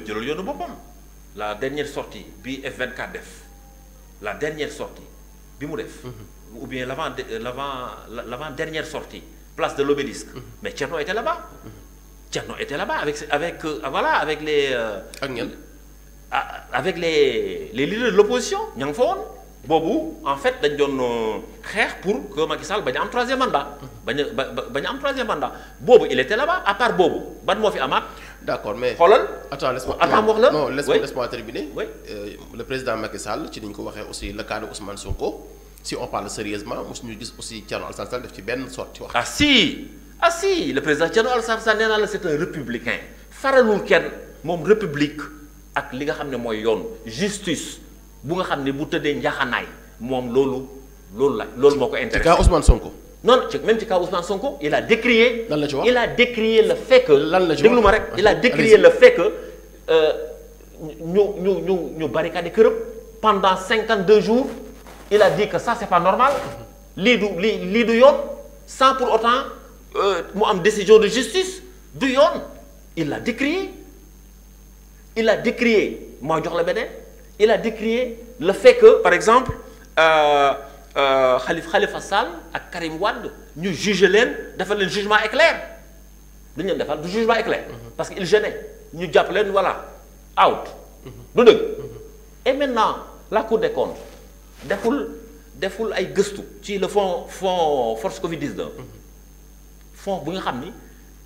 de la dernière sortie bi F24 def la dernière sortie bi def. Mhm. ou bien l'avant euh, l'avant l'avant dernière sortie place de l'obélisque mhm. mais Tcherno était là-bas. Mhm. Tcherno était là-bas avec avec euh, voilà avec les. Euh, avec les les leaders de l'opposition ña fon en fait dañ doon xeex pour que Macky Sall bañ troisième mandat. bañ bañ am troisième mandat il était là-bas à part Bobu. ban moo d'accord mais xoolal. attends laisse-moi attends wax non laisse-moi laisse-moi terminer. oui euh, le président Macky Sall ci ni ñu ko waxee aussi le cas de Ousmane Sonko si on parle sérieusement mosu ñu gis aussi Thierno al Sall def ci benn sorte wax. ah si ah si le président Thierno al Sall nee la c'est un républicain faralul kenn moom république ak li nga xam ne mooy yoon justice bu nga xam ne bu tëddee njaaxanaay moom loolu loolu la loolu moo ko intéressé. ci cas Ousmane Sonko non même ci cas Ousmane Sonko il a décrié. il a décrié le fait que. il a décrié le fait que nous euh, ñu ñu ñu barricadé pendant 52 jours il a dit que ça c'est pas normal les du les du sans pour autant euh, mu am décision de justice du yoon il l'a décrié il a décrié moo jox la il a décrié le fait que par exemple. Euh, euh, Khalif Khalifa, Sall et Karim Wad, nous jugement éclair Nous jugement éclair mhm. parce qu'ils il Nous ñu voilà out mhm. mhm. et maintenant la cour des comptes deful deful fait un le fonds force Covid 19 fonds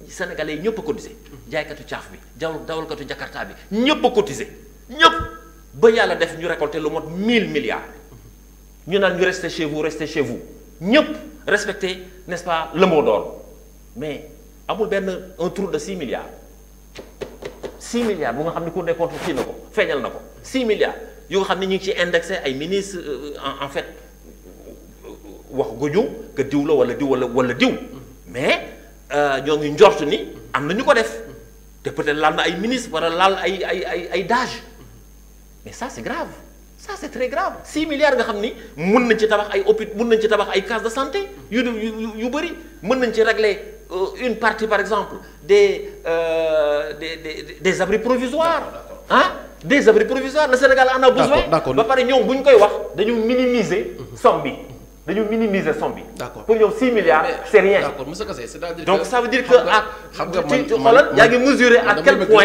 sénégalais ñëpp a cotiser. ils ont bi dawal train jakarta bi ñëpp a ñëpp ba 1000 milliards nous, naan rester chez vous restez chez vous Nous respecter n'est-ce pas le mot d'ordre mais y a un trou de 6 milliards 6 milliards vous des comptes 6 milliards Vous indexé ministres euh, en fait que mais euh, ni am ko def peut-être mais ça c'est grave ça c'est très grave 6 milliards nga xamni ni ci tabax ay de santé yu yu mën euh, une partie par exemple des euh, des abris provisoires ah? des abris provisoires le Sénégal en a besoin ba minimiser bi dañu minimiser pour 6 milliards c'est rien. d'accord donc ça veut dire que xam mesurer à quel point.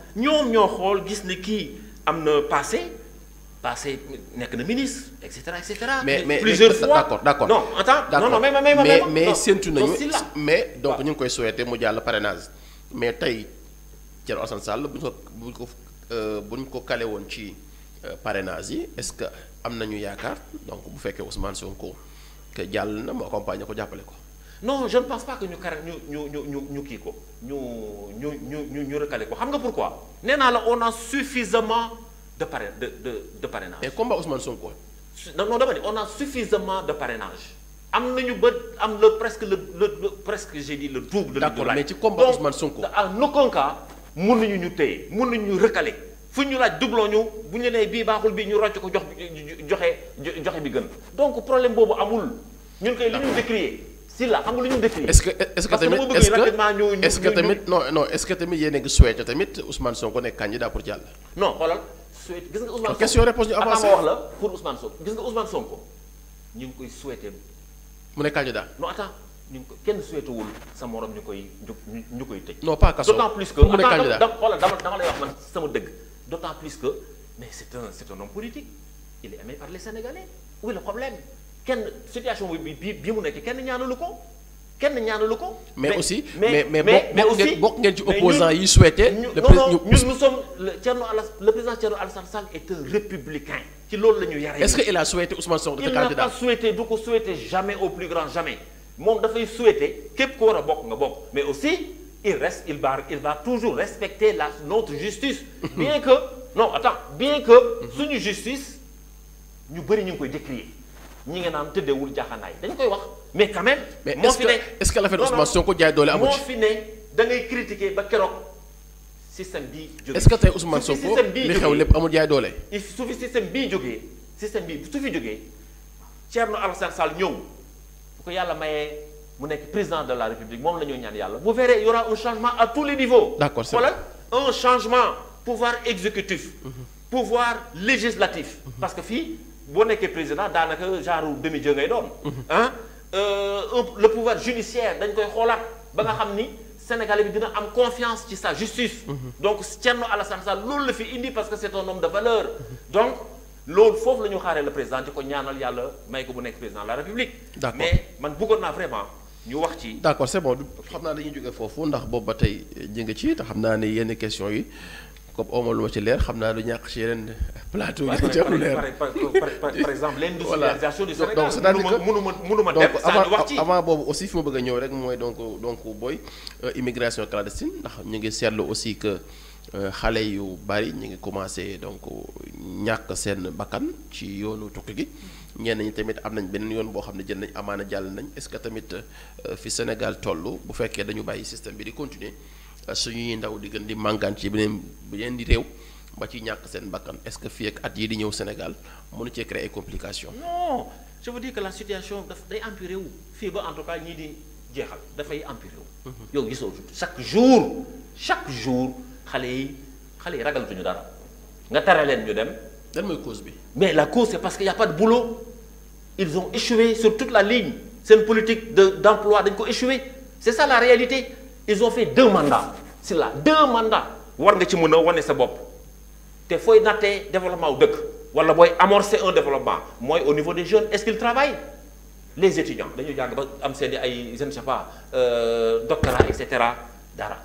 ñom ñoo xol gis ne ki amna passé passé nek na ministre etc etc mais mais plusieurs fois d'accord d'accord non attends non non mais mais mais mais séntu nañu mais donc ñu koy souhaiter mu jàll parrainage mais tay ci Ousmane Sall buñ ko buñ ko bu ñu ko euh, calé won ci euh, parrainage est-ce que am nañu yaakaar donc bu fekkee Ousmane Sonko que jàll na mu accompagner ko jàppale ko non je ne pense pas que nous nous ñu pourquoi on a suffisamment de de de de parrainage. Et combat Ousmane Sonko. non on a suffisamment de parrainage am le presque le presque j'ai dit le double. de d'accord mais ci combat Ousmane en aucun cas nous nañu ñu téy, Nous ñu nous fu ñu laaj ñu baaxul problème bobu amul ñun koy li Sylla xam nga lu ñu décrire. est-ce que est-ce tamit est-ce que tamit non non est tamit yéen a ngi souhaité tamit pour jàll. non xoolal souhaité gis nga Ousmane Sonko question ñu avancé ngi koy souhaité. mu nekk candidat non attends ñu ngi ko kenn souhaité wul sa morom ñu koy ñu ñu koy tëj. no pas kaso d'autant plus que mu nekk candidat xoolal dama dama lay wax man sama dëgg d'autant plus que mais c'est un c'est un homme politique il est aimé par problème kenn situation bi bi bi mu nekk kenn ñaanalu ko kenn mais aussi mais mais mais aussi bokk ngeen ci opposants yi souhaité. le président ñun nous sommes le Thierno Alassane le président Thierno Alassane Sall est un républicain. ci loolu la ñu est-ce qu'il a souhaité Ousmane Sonko de candidat il n'a pas souhaité du ko souhaité jamais au plus grand jamais moom dafay souhaité képp ku war a bokk nga bokk mais aussi il reste il va il va toujours respecter la notre justice. bien que non attends bien que mhm. suñu justice ñu bëri ñu ngi koy décrier ñi nga naan tëddeewul jaxanaay dañ koy wax mais quand même. moo fi ne est-ce que l'affaire Ousmane Sonko jaay doole amu ci moo fi ne da ngay critiquer ba keroog système bii jógee. est-ce que tey Ousmane Sonko li xew lépp amul jaay doole. su fi système bii jógee système bii su fi jógee Thierno Alassane Sall ñëw bu ko yàlla mayee mu nekk président de la République moom la ñoo ñaan yàlla vous verrez il y aura un changement à tous les niveaux. d'accord c'est voilà un changement pouvoir exécutif. Mhm. pouvoir législatif. Mhm. parce que fii boo nekkee président daanaka genre demi-dieu ngay doon. Mhm. Hein? Euh, le pouvoir judiciaire dañ koy xoolaat ba nga ni Sénégalais bi dina am confiance ci sa justice. Mhm. donc Thierno Alassane Sall loolu la fi indi parce que c'est un homme de valeur. Mhm. donc loolu foofu la ñu le président di ko ñaanal yàlla may ko bu nekk président de la République. mais man bëggoon n'a vraiment. ñu wax ci d'accord c'est bon xam naa dañuy jógee foofu ndax boobu ba tey ñu ci te xam naa ne yi comme omo lu ci leer xam naa lu ñàkk ci yeneen plateau yi ci am exemple l'industrialisation du Sénégal donc c'est-à-dire que mënuma mënuma dem avant wax ci avant boobu aussi fi ma bëgg ñëw rek mooy donc donc booy euh, immigration clandestine ndax ñu ngi seetlu aussi que euh, xale yu bari ñu ngi commencé donc ñàkk seen bakkan ci yoonu tukki gi ñenn nañu tamit am nañ beneen yoon boo xam ne jël nañ amaana jàll nañ est-ce que tamit euh, fi Sénégal toll bu fekkee dañu bàyyi système bi di continuer Euh, suñuy ndaw di gën di mànkaan ci beneen beneen di réew ba ci ñak seen bakkan est-ce que fi ak at yi di ñew Sénégal mënu ci créer complication non je veux dire que la situation daf day empirer wu fii ba en tout cas ñi di jeexal dafay empirer wu. Mhm. yow gisoo chaque jour chaque jour xalé yi xalé yi ragal ragalatuñu dara nga tere leen ñu dem. lan moy cause bi. mais la cause c'est parce qu'il y a pas de boulot ils ont échoué sur toute la ligne seen politique de d'emploi dañ ko échoué c'est ça la réalité ils ont fait deux mandats C'est la deux mandats war nga ci mën a wane sa bopp te fooy nattee développement wu dëkk wala booy amorcer un développement mooy au niveau des jeunes est-ce qu'ils travaillent les étudiants dañu jàng ba am seeni ay je ne sais pas euh, doctorat et cetera dara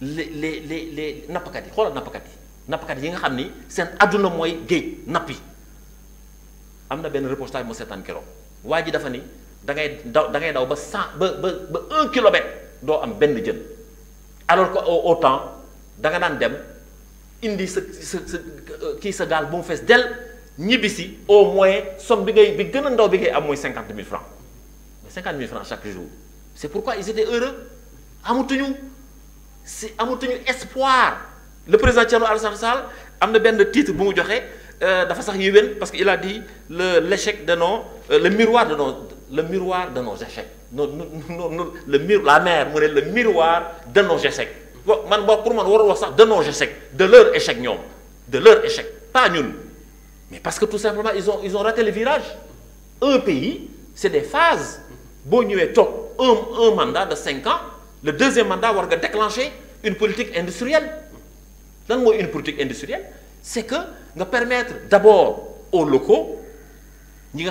les les les les nappkat yi xoolal nappkat yi nappkat yi nga xam c'est seen adduna mooy géej nappi am na benn reportage mo seetaan kilo waa ji dafa ni da ngay daw da ngay daw ba cent ba ba ba un kilomètre doo am benn jën alors que au temps da nga daan dem indi sa sa sa kii sa gaal bu mu fees del ñibbi si au moins somme bi ngay bi gën a ndaw bi ngay am mooy cinquante mille francs mais cinquante mille francs chaque jour c' est pourquoi ils étaient heureux amatuñu si amatuñu espoir le président Thierno Alassane Sall am na benn titre bu mu joxe euh, dafa sax yéwén parce que il a dit le l' échec de nos euh, le miroir de nos le miroir de nos échecs le mur la mer le miroir de nos échecs pour moi, de nos échecs de leur échec de leur échec pas nul. mais parce que tout simplement ils ont ils ont raté le virage un pays c'est des phases Bonne top, un mandat de cinq ans le deuxième mandat va déclencher une politique industrielle une politique industrielle c'est que de permettre d'abord aux locaux nous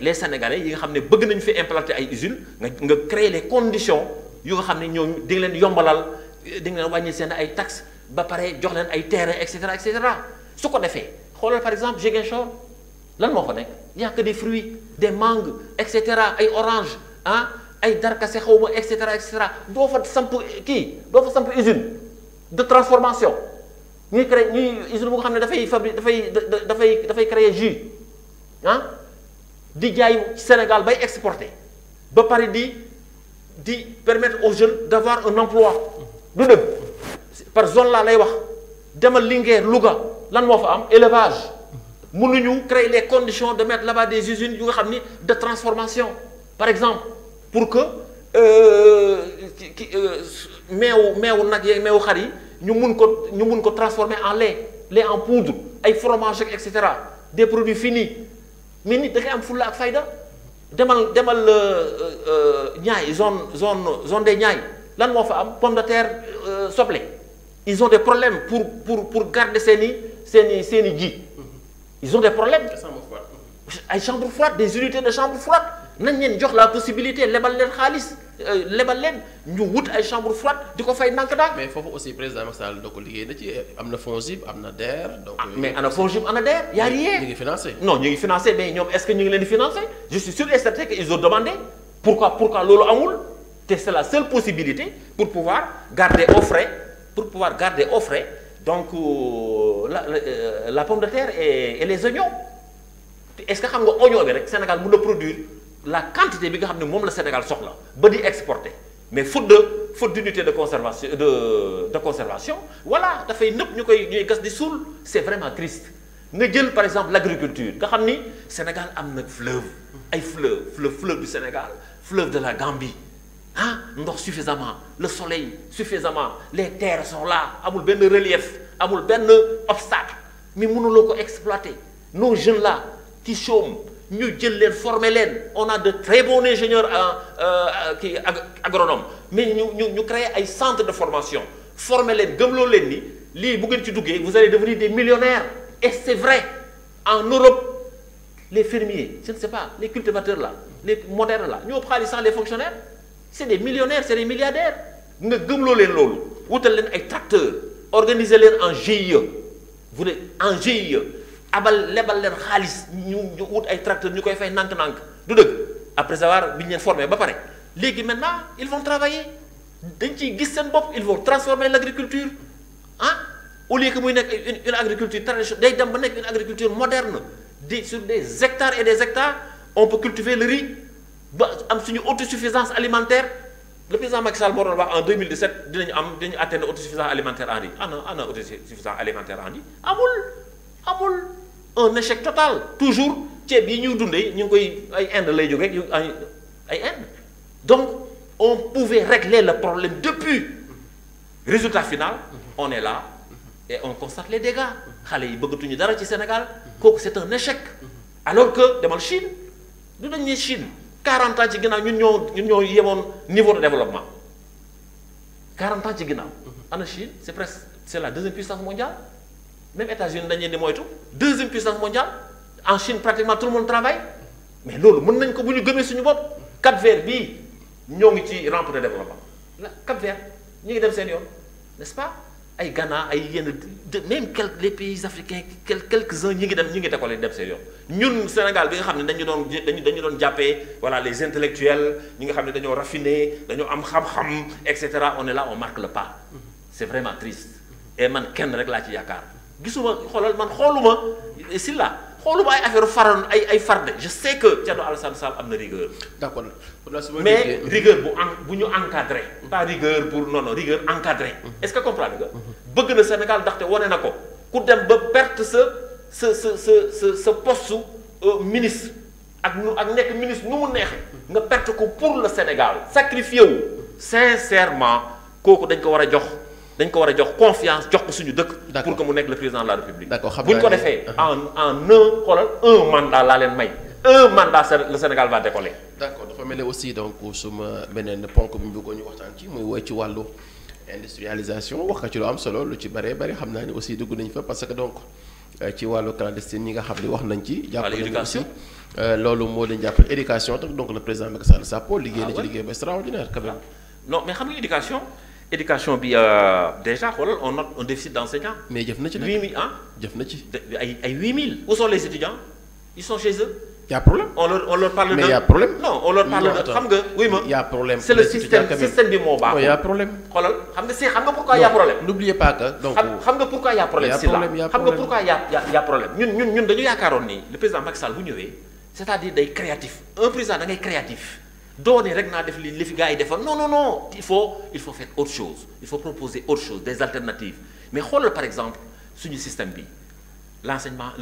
les sénégalais nous nga que bëgg implanter des usines créer les conditions pour nga taxes ba pare etc. leen ay terrains, fait, par exemple lan y a que des fruits des mangues etc. ay orange ah ay etc. xaw etc. etc. de transformation ñuy créé usine bu nga jus ah di jaay Sénégal bay exporter ba permettre aux jeunes d'avoir un emploi du par zone la lay wax demal Linguère Louga lan am élevage créer les conditions de mettre là-bas des usines de transformation par exemple pour que les euh, euh, mew nag yeeg mew xari ñu transformer en lait lait en poudre ay fromage etc. des produits finis mais nit da ngay am fulla ak fayda demal demal euh, euh, euh, Niayes zone zone zone des Niayes lan moo fa am pomme de terre soble ils ont des problèmes pour pour pour garder seen i seen i seen i ji ils ont des problèmes Des chambres froides. des unités de chambres froides nañ leen jox la possibilité lebal leen xaalis euh, lebal leen ñu wut ay chambre froide di ko fay ndànk-ndànk. mais foofu aussi président Macky Sall da ko liggéey na ci y a des am Mais DER. donc mais ana FONGIP ana il y a rien Ils ngi financés. non ils ngi financés. mais est-ce que sont ngi leen di je suis sûr et certain qu'ils ont demandé pourquoi pourquoi lolo amul c'est la seule possibilité pour pouvoir garder au frais pour pouvoir garder au frais donc euh, la euh, la, pomme de terre et, et les oignons est-ce que xam nga oignon bi rek Sénégal peut na produire la quantité bi nga xam ne la Sénégal soxla ba di exporter mais faute de faute d'unité de conservation de de conservation voilà dafay fait une koy ñuy gas di suul c'est vraiment triste nga jël par exemple l'agriculture nga xam Sénégal am un fleuve ay fleuve fleuve fleuve du Sénégal fleuve de la Gambie Hein? ndox suffisamment le soleil suffisamment les terres sont là amul benn relief amul benn obstacle mais mënuloo ko exploiter nos jeunes là qui chôment nous jël les on a de très bons ingénieurs euh, euh, agronomes, mais nous nous ñu créer centre de formation formez-les, gëmloo les vous allez devenir des millionnaires et c'est vrai en Europe les fermiers je ne sais pas les cultivateurs là les modernes là ñoo xaalis les fonctionnaires c'est des millionnaires c'est des milliardaires nga gëmloo les loolu wutal ay tracteurs organiser les en GIE vous voulez en GIE abal lebal leen xaalis ñu ñu wut ay tracteur ñu koy fay nank nank du deug après avoir bi ñu leen former ba paré légui maintenant ils vont travailler dañ ci gis sen bop ils vont transformer l'agriculture. hein au lieu que muy nek une une agriculture traditionnelle day dem ba nek une agriculture moderne di sur des hectares et des hectares on peut cultiver le riz ba am suñu autosuffisance alimentaire le président Macky Sall borol wax en 2017 dinañu am dinañu atteindre autosuffisance alimentaire en riz ana ah ana ah autosuffisance alimentaire en riz amul amul un échec total toujours tu es nous ñu koy ay donc on pouvait régler le problème depuis résultat final on est là et on constate les dégâts il yi dara Sénégal c'est un échec alors que la Chine nous sommes Chine 40 ans ci ginnaaw ñun niveau de développement 40 ans ci Chine c'est presque c'est la deuxième puissance mondiale même États-Unis dañ leen di deuxième puissance mondiale en Chine pratiquement tout le monde travaille mais loolu mën nañ ko bu ñu gëmee suñu bopp Cap Vert bii ñoo ngi ci rampe de développement la Cap Vert ñu ngi dem seen yoon n'est-ce pas ay Ghana ay même quelques les pays africains quelques-uns ñi ngi dem ñi ngi décollé dem seen yoon ñun Sénégal bi nga xam ne dañu doon dañu voilà les intellectuels ñi nga xam ne raffiner, raffiné dañoo am xam-xam on est là on marque le pas c'est vraiment triste et man ken rek la ci yaakaar gisuma xoolal man xooluma Silla xooluma ay affaire faroon ay ay farde je sais que Thierno Alassane Sall am na rigueur. d'accord mais rigueur bu en bu ñu encadré. pas rigueur pour nono non rigueur encadré. est-ce que comprendre nga. bëgg na Sénégal ndaxte wane na ko ku dem ba perte sa sa sa sa sa poste euh, ministre ak nu ak nekk ministre nu mu neexee. nga perte ko pour le Sénégal sacrifié wu sincèrement kooku dañ ko war a jox. dañ ko war a jox confiance jox ko suñu dëkk. pour que mu nekk le président de la république. bu buñ ko defee uh-huh. en en un xoolal un mandat laa leen may. un mandat le Sénégal va décoller. d'accord accord dafa mel aussi donc suma beneen ponk bi ñu bëggoon ñu waxtaan ci muy woy ci wàllu industrialisation wax ci lu am solo lu ci bëree bari xam naa ni aussi dugg nañ fa parce que donc euh, ci wàllu clandestine ñi nga xam ne wax nañ ci. jàpp nañu aussi euh, loolu moo leen jàppale éducation donc le président Macky Sall Sappo liggéey na ci ah liggéey bu extraordinaire quand même. Ah. non mais xam nga éducation éducation bi euh, déjà xoolal on note un déficit d'enseignants. mais jëf na ci 8000 ah. Hein? jëf na ci ay ay 8000. où sont les étudiants ils sont chez eux. Il y a problème on leur on leur parle. mais y a problème non on leur parle de xam nga. oui ma y a problème c'est le système système bi moo baax. il y a problème. xoolal xam nga si xam nga pourquoi y a problème. n'oubliez pas que donc xam nga pourquoi y a problème. c'est là xam nga pourquoi y a y a problème. ñun ñun ñun dañu yaakaaroon ni le président Macky Sall bu ñëwee c'est-à-dire day créatif un président da ngay créatif non non non il faut il faut faire autre chose il faut proposer autre chose des alternatives mais par exemple le système bi l'enseignement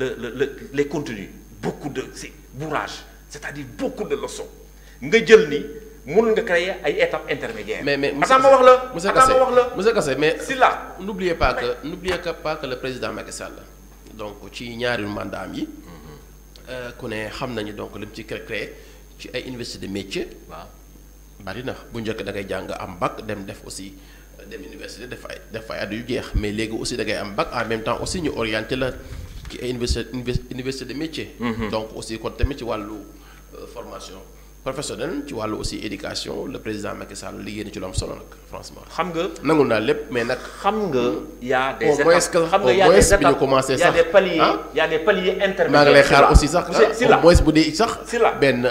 les contenus beaucoup de c'est bourrage c'est-à-dire beaucoup de leçons nga jël ni une nga créer étapes mais mais Kassé mais n'oubliez pas que pas que le président Macky Sall donc ci ñaari mandat yi. mais mais mais donc mais ci ci ay université de métier waaw bari na da ngay bac dem def aussi dem université def ay def ay mais aussi da ngay am bac en même temps aussi ñu orienté la université université de métier mhm. donc aussi kon tamit euh, formation professionnel ci walu aussi éducation le président Macky Sall liggéey ci lu am solo nak franchement. xam nga nangul na lepp mais nak xam nga y' a des étapes xam nga y' a des étapes y' a des paliers ah? y' a des paliers intermédiaires. maa lay xaar aussi sax. si ah, moins bu dee sax. si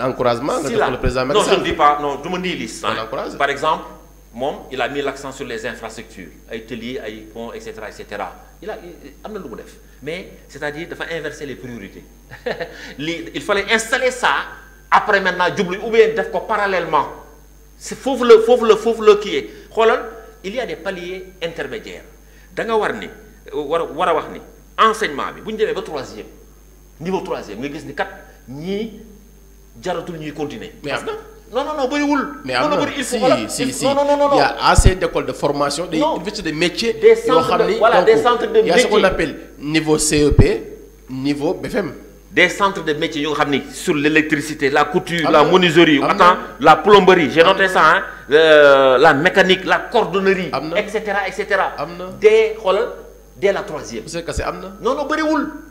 encouragement. nga le président Macky Sall non je ne dis pas non du ma nii liste. Hein. par exemple mom il a mis l'accent sur les infrastructures ay teli ay pont etc etc il a amna na lu mu def mais c'est à dire dafa inverser les priorités il fallait installer ça après maintenant djublu ou bien def ko parallèlement c'est le fofu le fofu le la kii xoolal il y a des paliers intermédiaires da nga war ni euh, war wax ni enseignement bi bu ñu ba troisième niveau troisième nga gis ni kat ñi jaratul ñuy continuer. mais non non non bëriwul. mais am na si si non non non non. il y a assez d'écoles de formation. des universités de métiers. des centres de voilà des centres de métiers il y a ce qu'on appelle niveau CEP niveau BFM des centres de métiers sur l'électricité la couture la menuiserie attends la plomberie j'ai noté ça hein euh, la mécanique la cordonnerie etc. etc. dès la troisième monsieur Kassé c'est non non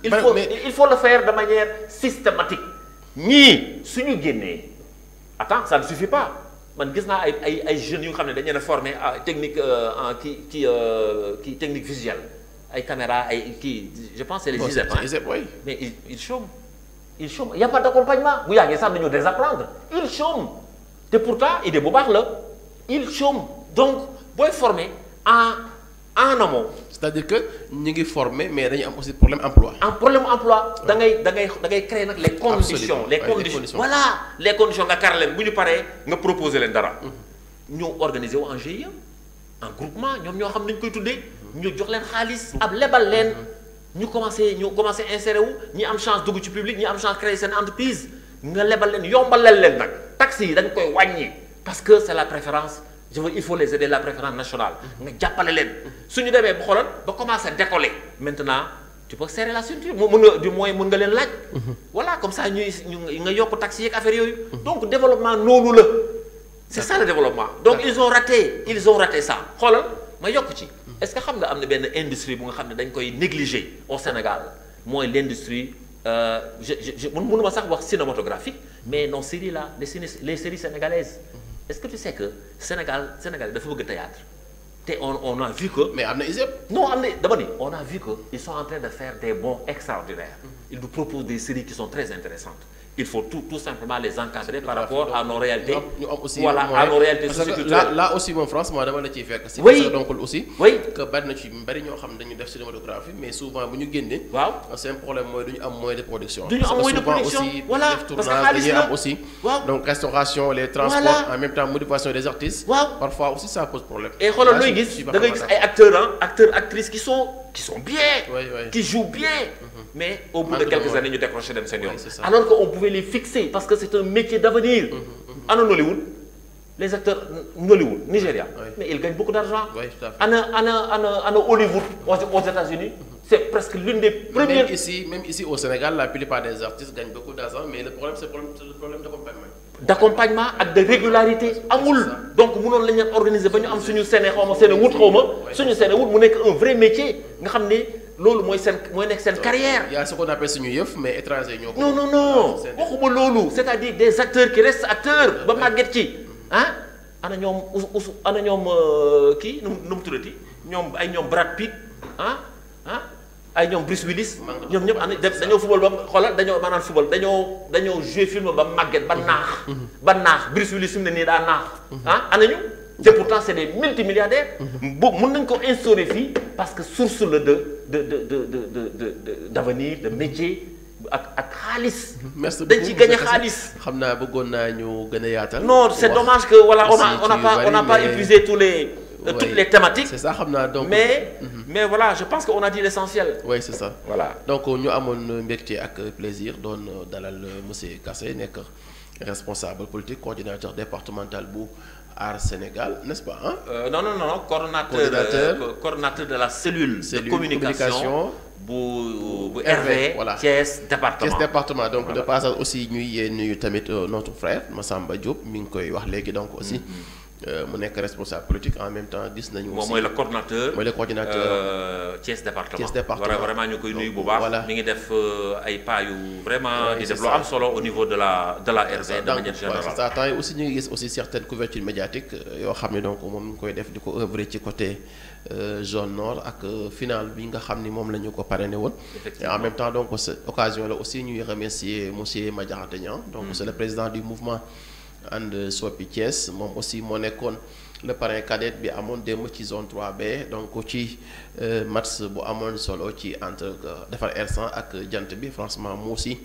il faut il faut le faire de manière systématique ce suñu génnee attends ça ne suffit pas man gis naa ay ay jeunes qui sont formés formé à technique euh, en euh, technique visuelle ay caméra ay kii je pense c'est les ISEP hein. oui. mais ils ils chôment ils chôment il y a pas d'accompagnement bu yàggee sax dañoo désapprendre ils chôment te pourtant idée bu baax la ils chôment donc booy former en en amont. c'est-à-dire que nous ngi former mais dañu am aussi problème emploi. en problème emploi da ngay da créer les conditions. les conditions voilà les conditions nga kar leen bu ñu paree nga proposer leen dara. Mm-hmm. ñu organiser wu en un groupement nous ñoo xam nañ koy tuddee ñu jox leen xaalis ab lebal leen ñu commencé ñu commencé insérer wu ñi am chance dugg ci public ñi am chance créer seen entreprise nga lebal leen yombalal leen nag Taxi, yi dañ koy wàññi parce que c'est la préférence je veux il faut les aider la préférence nationale nga jàppale leen suñu demee ba xoolal ba commencé décoller maintenant tu peux serrer la ceinture du moins mën nga leen laaj mhm. voilà comme ça ñuy nga yokk taxi yi ak affaire yooyu donc développement noonu la c'est ça le développement donc ils ont raté ils ont raté ça Regarde, ma est-ce que xam nga y a une industrie bu au Sénégal Moi, l'industrie euh, je je je pas ma cinématographique mais non série là les séries les séries sénégalaises mm-hmm. est-ce que tu sais que Sénégal Sénégal le bëgg théâtre Et on on a vu que. mais non on a vu que sont en train de faire des bons extraordinaires. Mm-hmm. ils nous proposent des séries qui sont très intéressantes il faut tout, tout simplement les encadrer par rapport à nos réalités. voilà, à nos réalités là, là, aussi, en France, moi, je suis fait que c'est oui. donc aussi oui. que nous a des cinématographie, mais souvent, nous wow. c'est un problème, moyen moins de production. Nous moins de production. Aussi, voilà, parce que aussi. Wow. Donc, restauration, les transports, en même temps, motivation des artistes. Wow. Parfois aussi, ça pose problème. Et regarde, nous avons des acteurs, hein, acteurs, actrices qui sont, qui sont bien, qui jouent bien, mhm. mais au bout de quelques années, nous décrochons d'un seniors Alors les fixer parce que c'est un métier d'avenir. Mmh, mmh. Ana Nollywood, les acteurs Nollywood, Nigeria, mais ils gagnent beaucoup d'argent. Oui, Ana, Ana, Hollywood, aux, aux États-Unis, mmh. c'est presque l'une des premières. Même ici, même ici au Sénégal, la plupart des artistes gagnent beaucoup d'argent, mais le problème, c'est le problème, d'accompagnement. D'accompagnement et de régularité. Amoul. Donc, nous avons organisé, nous avons suñu séné métier. Nous nek un vrai métier loolu moy sen moy nek sen euh, carrière. y a ce qu'on appelle suñu yëf mais étranger ñoko non non non ah, waxuma loolu. c'est-à-dire des acteurs qui restent acteurs. Ah, ba maguet ci ah. ana ñom ana ñom euh, ki num mu ñom ay ñom Brad Pitt ah ah ay ñom Bruce Willis. ñom ñep ana football ba xolal dañoo maanaam football dañoo dañoo jouer film ba maguet ba mhm. nax mhm. ba nax Bruce Willis fi ni da nax daa mhm. ah? ana ñu c'est pourtant c'est des multimilliardaires. parce que source le de de de de de métier. non c'est dommage que voilà on pas pas épuisé tous les. Euh, toutes les thématiques. c'est ça mm-hmm. mais voilà je pense qu'on a dit l'essentiel oui c'est ça voilà. donc ñu un avec plaisir dans dalal monsieur Kassé responsable politique coordinateur départemental Aar Sénégal, n'est-ce pas hein? euh, Non, non, non, coordonnateur, coordinateur, euh, coordinateur de la cellule, cellule de communication. bu bu RV voilà Thiès département Thiès département donc de passage aussi ñuy y tamit euh, notre frère Massamba Diop mi ngi koy wax léegi donc aussi. Mm-hmm. Euh, mu nekk responsable politique en même temps dis nañu. aussi moi le coordinateur mooy le coordinateur. Euh, Thiès département Thiès département vraiment ñu koy nuyu bu baax. voilà mi ngi def euh, ay pas yu vraiment di def am solo au niveau de la de la RZ de manière générale. ça temps aussi ñu ngi gis aussi certaines couvertures médiatiques yo xam donc mom ñu koy def diko œuvrer ci côté zone nord ak final bi nga xam mom lañu ko parrainer woon. en même temps donc occasion la aussi ñuy remercier monsieur Madiakhate Niang donc mm. c'est le président du mouvement. And uh, soppi ties mom aussi mon école le parrain cadette bi amone qui ci zone 3B donc ci euh, match bu amone solo ci entre euh, defar R100 ak jant bi franchement aussi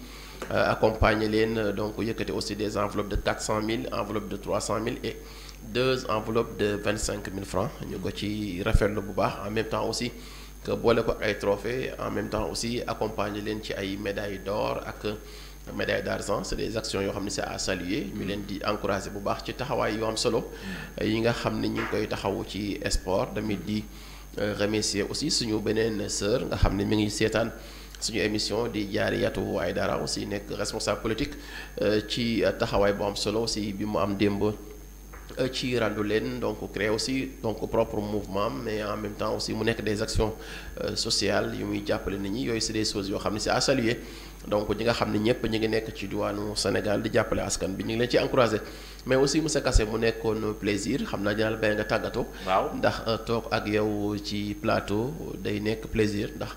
euh, accompagner len donc a aussi des enveloppes de 400 000 enveloppes de 300 000 et deux enveloppes de 25 000 francs ñu ko ci rafetlu bu baax en même temps aussi que bolé ko ay trophées en même temps aussi accompagner len ci ay médailles d'or ak médaille d'argent c'est des actions yo xamni c'est à saluer ñu leen di encourager bu baax ci taxaway yo am solo yi nga xamni ñu koy taxawu ci sport tamit di euh, remercier aussi suñu benen sœur nga xamni mi ngi sétane suñu émission di Diarriatou dara aussi nek responsable politique euh, ci taxaway bu am solo aussi bi mu am dembo euh, ci randu len donc créer aussi donc propre mouvement mais en même temps aussi mu nek des actions sociales yu muy jappalé nit ñi yooyu c'est des choses yo xamni c'est à saluer donc ñi nga xamni ngi Sénégal di nous askan bi ngi mais aussi mu plaisir xamna nga ndax euh, ak yow plateau day plaisir ndax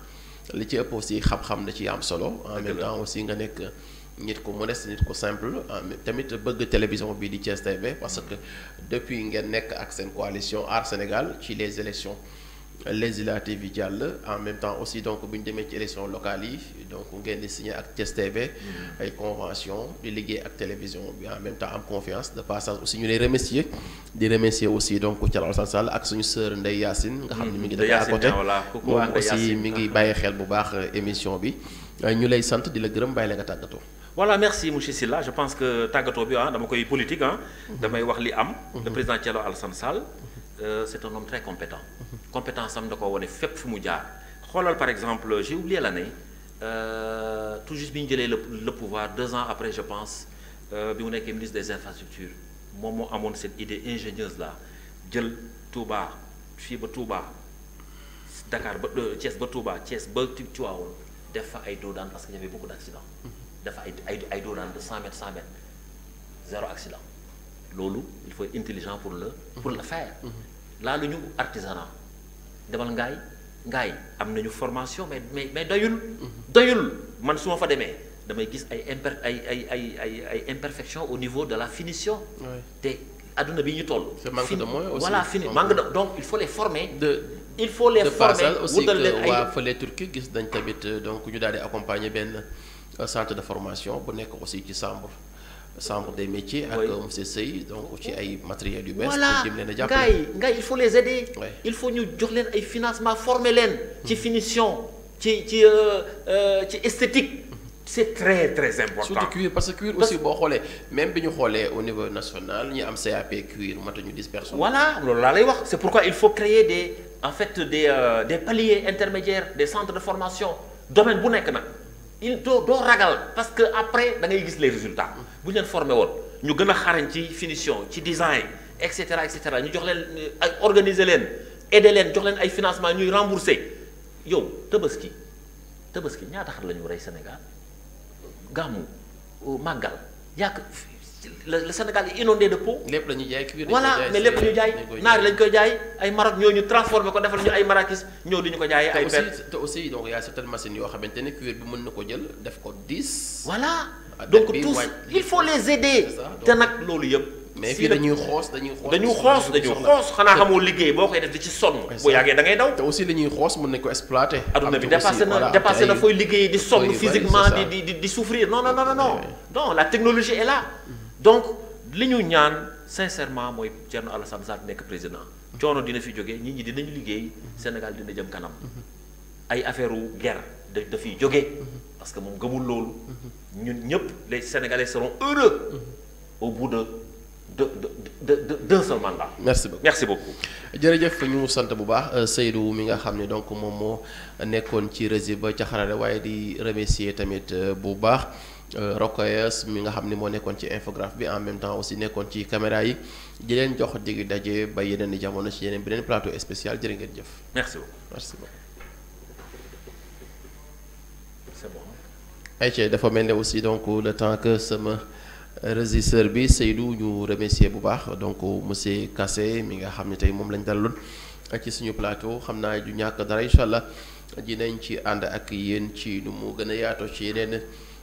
li aussi xam ci solo. en même temps aussi nga nit ko modeste nit ko simple tamit bëgg télévision di TV parce que depuis ngeen ak coalition Art Sénégal ci les élections législatives yi jàll en même temps aussi donc bu ñu demee ci élection locale yi donc ngeen signé ak Thiès TV mm-hmm. ay convention di liggéey ak télévision bi en même temps am confiance de passage aussi ñu lay remercier di remercier aussi donc Thierno Alassane Sall ak suñu sœur Ndeye Yassine nga xamni mi ngi def à mm-hmm. côté moom aussi mi ngi bayé xel bu baax euh, émission bi euh, ñu lay sante di la gërëm bàyyi la nga voilà merci monsieur Silla. je pense que tàggatoo bi ah dama koy politique ah mm-hmm. damay wax li am le président Thierno Alassane Sall euh, c'est un homme très compétent. Compétence am da ko wone fépp fu mu jaar par exemple j'ai oublié l'année euh, tout juste bi ñu le pouvoir deux ans après je pense euh, bi mu ministre des infrastructures moi moo cette idée ingénieuse là jël Touba fii ba Touba Dakar ba euh, Thiès ba Touba Thiès ba Tivaouane def fa ay dans parce qu'il y avait beaucoup d'accidents def fa ay ay dans de 100 mètres 100 mètres zéro accident Lolou, il faut être intelligent pour le pour le faire mhm. mhm. le ñu artisanat demal ngaay ngaay am nañu formation mais mais mais doyul mhm. doyul man suma fa démé damay gis ay imper ay ay ay ay ay imperfection au niveau de la finition té aduna bi ñu toll manque de moyens aussi voilà fini manque de euh, donc il faut les former de il faut les former Aussi, leen wa waa turki gis dañ tabit euh, donc ñu daldi accompagner ben centre de formation bu nek aussi ci Sambour centre des métiers avec le CCI, donc avec ay matériels du Voilà, pour gars il faut les aider. il faut nous jox leen ay financement former leen. ci hmm. finition ci euh, euh, ci esthétique. c'est très très important surtout cuir parce que cuir aussi même si nous au niveau national avons un CAP cuir avons 10 personnes. voilà c'est pourquoi il faut créer des en fait des euh, des paliers intermédiaires des centres de formation domaine bu nekk il doo doo ragal parce que après dangay gis les résultats bu ñu leen formé woon ñu gën a xarañ ci finition ci design et cetera et ñu jox leen ay organiser leen aider leen jox leen ay financement ñuy rembourser yow tabaski tabaski ñaata xar la ñu rey Sénégal gàmmu màggal le Sénégal est inondé de peau. voilà mais lépp la ñuy jaay naar lañ koy jaay ay Maroc ñoo ñu transformé ko defal ñu ay marakis ñoo di ko jaayee. ay perte te aussi donc y a certaines machines yoo xamante ne cuir bi mën na ko jël def ko 10. voilà ah, donc tous il faut les aider. te nag loolu yëpp. mais fii dañuy xoos dañuy xoss dañuy xoss dañuy xoos xanaa liggéey bokay def ci son bu yàggee da ngay daw te aussi li xoss xoos mën nañ ko aduna bi dépasser na dépasser na fooy liggéey di son physiquement di di di souffrir non non non non non la technologie est là donc li ñu ñaan sincèrement mooy Thierno Alassane Sall nekk président coono dina fi jógee nit ñi dinañ liggéey Sénégal dina jëm kanam ay affaire u guerre da dafiy jógee parce que moom gëmul loolu ñun ñëpp les Sénégalais seront heureux au bout de de de de d'un mandat. merci beaucoup merci beaucoup. jërëjëf ñu sant bu baax euh, Seydou mi nga xam ne donc moom moo nekkoon ci rési ba ca xarale waaye di remercier tamit euh, bu baax. Euh, Rokhayas mi nga xam ni moo nekkoon ci infographe bi en même temps aussi nekkoon ci caméra yi di leen jox dig daje ba yeneen jamono ci yeneen beneen plateau spécial jërë ngeen jëf. merci beaucoup merci beaucoup. dafa mel ne aussi donc le temps que sama régisseur bi Seydou ñu remercier bu baax donc monsieur Kassé mi nga xam ne tey moom lañ dalaloon ci suñu plateau xam naa du ñàkk dara incha allah nañ ci ànd ak yéen ci nu mu gën a yaatoo ci yeneen.